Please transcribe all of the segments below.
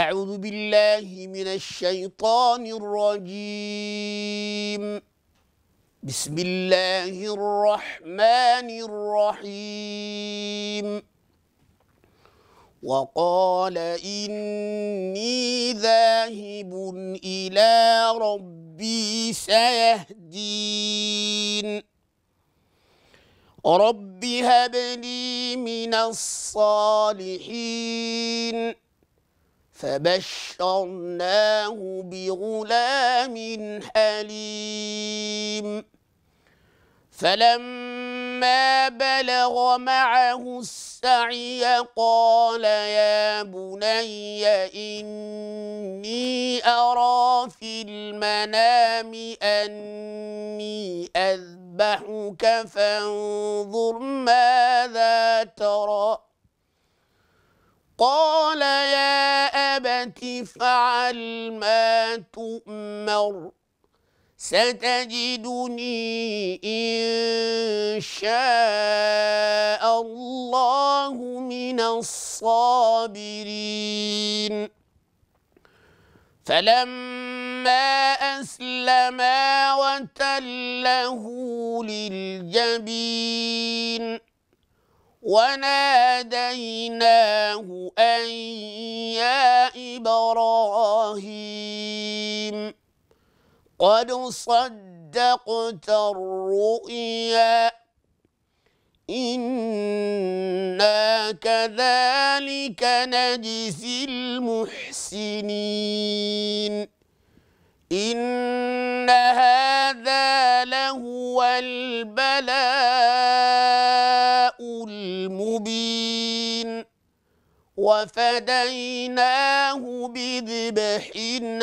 أعوذ بالله من الشيطان الرجيم بسم الله الرحمن الرحيم وقال إني ذاهب إلى ربي سيهدين رب هب لي من الصالحين فبشرناه بغلام حليم فلما بلغ معه السعي قال يا بني إني أرى في المنام أني أذبحك فانظر ماذا ترى قال يا الجنة فعل ما تؤمر ستجدني إن شاء الله من الصابرين فلما أسلما وتله للجبين وناديناه أن يا إبراهيم قد صدقت الرؤيا إنا كذلك نجزي المحسنين إن هذا لهو البلاء مبين وفديناه بذبح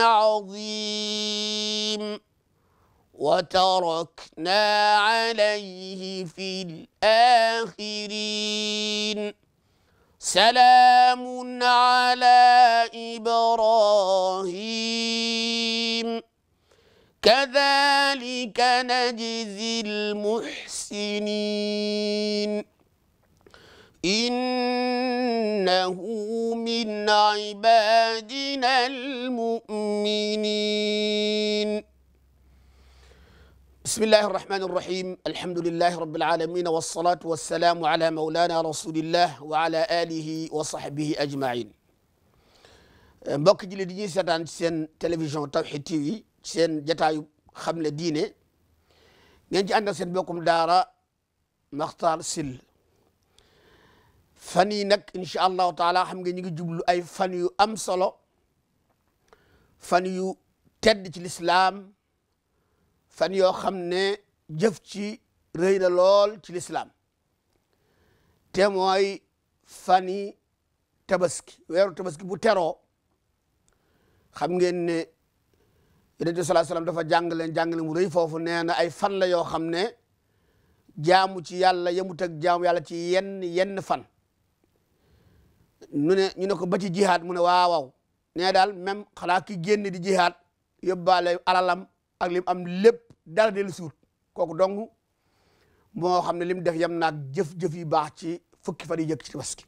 عظيم وتركنا عليه في الآخرين سلام على إبراهيم كذلك نجزي المحسنين إنه من عبادنا المؤمنين بسم الله الرحمن الرحيم الحمد لله رب العالمين والصلاة والسلام على مولانا رسول الله وعلى آله وصحبه أجمعين mbokk ji di ñuy seetaan seen télévision Tawhid TV seen jataayu xam le diine ngeen ci ànd ak seen bokkum daara Makhtar Syll fan yi nag incha allahu taala xam nga ñu ngi jublu ay fan yu am solo fan yu tedd ci lislaam fan yoo xam ne jëf ci rëy na lool ci lislaam te mooy fani tabaski weeru tabaski bu teroo xam ngeen ne yonent bi sallallahu alayhi wasallam dafa jàngale jàngale mu rëy foofu nee na ay fan la yoo xam ne jaamu ci yàlla mu ak jaamu yàlla ci yenn yenn fan ñu ne ñu ne ko ba ci jihaad mu ne waaw waaw nee daal même xanaa ki génn di jihaad yóbbaale alalam ak lim am lépp dara dellu suut kooku dong moo xam ne lim def yem naag jëf-jëf yi baax ci fukki fan yi jëkk ci tabaski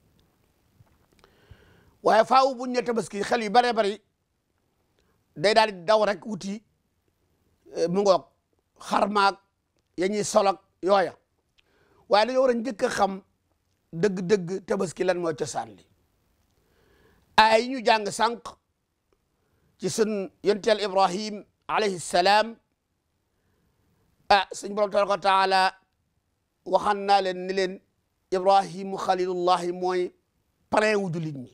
waaye faaw buñ ne tabaski xel yu bare bari day daal daw rek wuti eh, mu ngoog xarmaag ya ñuy solog yooya waaye dañoo war a njëkk a xam dëgg-dëgg tabaski lan mooy cosaan li aay ñu jàng sànq ci sën yenteel ibrahim alayhi salaam ah suñ borom tabaraka wa taala waxaan naa leen ni leen ibrahimu xalilullahi mooy parrain wu jullit ñi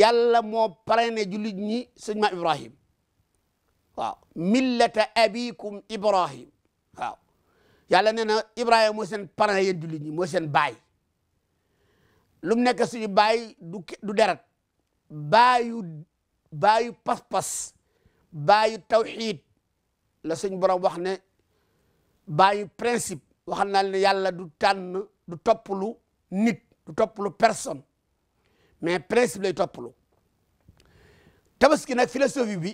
yàlla moo parrainé jullit ñi sëñ ma ibrahim waaw millata abikum ibrahim waaw yàlla nee na ibrahima mooy seen parrain yéen jullit ñi mooy seen baay lu mu nekk suñu du du deret baayu baayu pas-pas baayu tawxiid la suñ borom wax ne baayu principe waxal naa ne yàlla du tànn du topplu nit du topplu personne mais principe lay topplu tabaski nag philosophie bi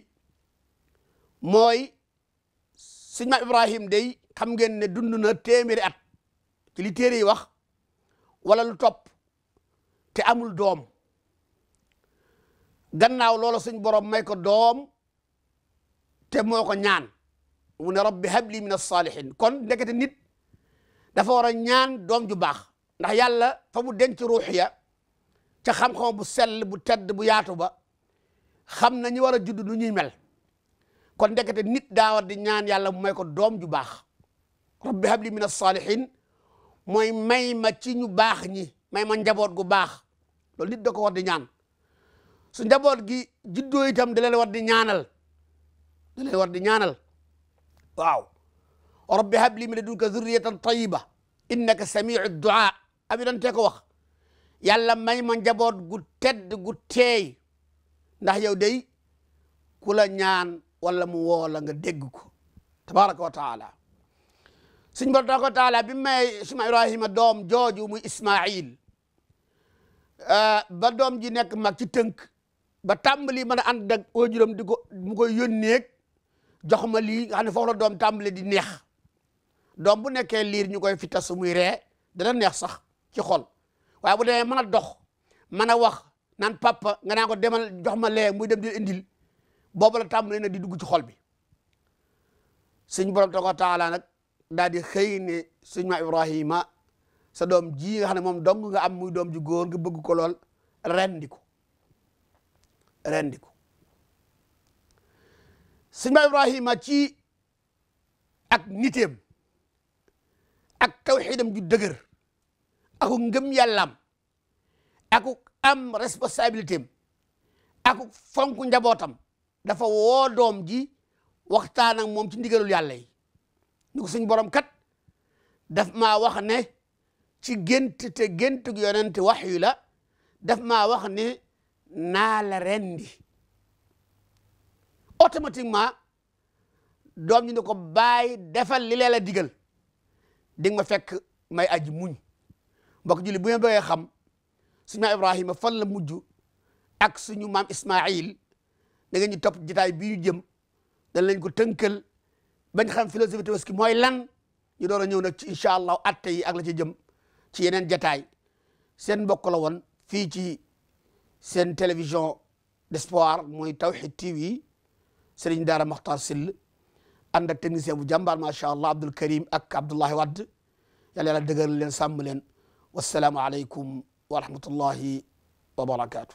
mooy suñ maam Ibrahim day xam ngeen ne dund na téeméeri at ci li téere yi wax wala lu topp te amul doom gannaaw loola suñ boroom may ko doom te moo ko ñaan wu ne rabbi habli min as-salihin kon ndekete nit dafa war a ñaan doom ju baax ndax yàlla fa mu denc ruux ya ca xam-xam bu sell bu tedd bu yaatu ba xam na ñu war a judd nu ñuy mel kon ndekete nit daa war di ñaan yàlla mu may ko doom ju baax rabbi habli min as-salihin mooy may ma ci ñu baax ñi may ma njaboot gu baax loolu nit da war di ñaan su njaboot gi juddoo itam da leen war di ñaanal da leen war di ñaanal waaw rabbi habli min ladunka zurriyatan tayiba innaka samiu duaa abi doon tee ko wax yàlla may ma njaboot gu tedd gu teey ndax yow day ku la ñaan wala mu woo la nga dégg ko tabaraka wa taala suñ ba tabaraka wa bi may suma ibrahima doom jooju muy ismail ah, ba doom ji nekk mag ci tënk ba tàmbali mën a ànd ak waajuram di ko mu koy yónneeg jox ma lii nga xam ne foofu la doom tàmbali di neex doom bu nekkee liir ñu koy fi tas muy ree dana neex sax ci xol waaye bu demee mën a dox mën a wax nan papa nga naa ko demal jox ma lee muy dem di indil boobu la tàmbali nag di dugg ci xol bi suñ borom tabaaraka ko taala nag daal di xëy ne suñ ma Ibrahima sa doom ji nga xam moom dong nga am muy doom ju góor nga bëgg ko lool rendi ko rendi ko sëñ Ba Ibrahima ci ak niteem ak tawxiidam ju dëgër aku ngëm yàllaam aku am responsabilité am aku fonk njabootam dafa woo doom ji waxtaan moom ci ndigalul yàlla yi ni ko suñ borom kat daf ma wax ne ci gént te géntug yonent wax yu la daf maa wax naa la rendi automatiquement doom ñu ne ko baay defal li leen la digal ma fekk may aji muñ mbokk julli bu ngeen bëggee xam suñu maam Ibrahima fan la mujj ak suñu maam Ismail da ngeen ñu topp jitaay bi jëm dañ lañ ko tënkal bañ xam philosophie tabaski mooy lan ñu door a ñëw nag ci incha allah atte yi ak la ci jëm ci yeneen jataay seen mbokk la woon fii ci seen télévision d'espoir mooy Tawhid TV Serigne Daara Makhtar Sill ànd ak technicien bu jàmbaar macha allah Abdul ak Abdoulahi Wadd yàlla yàlla dëgëral leen sàmm leen wasalaamualeykum wa rahmatullahi wa barakaatu.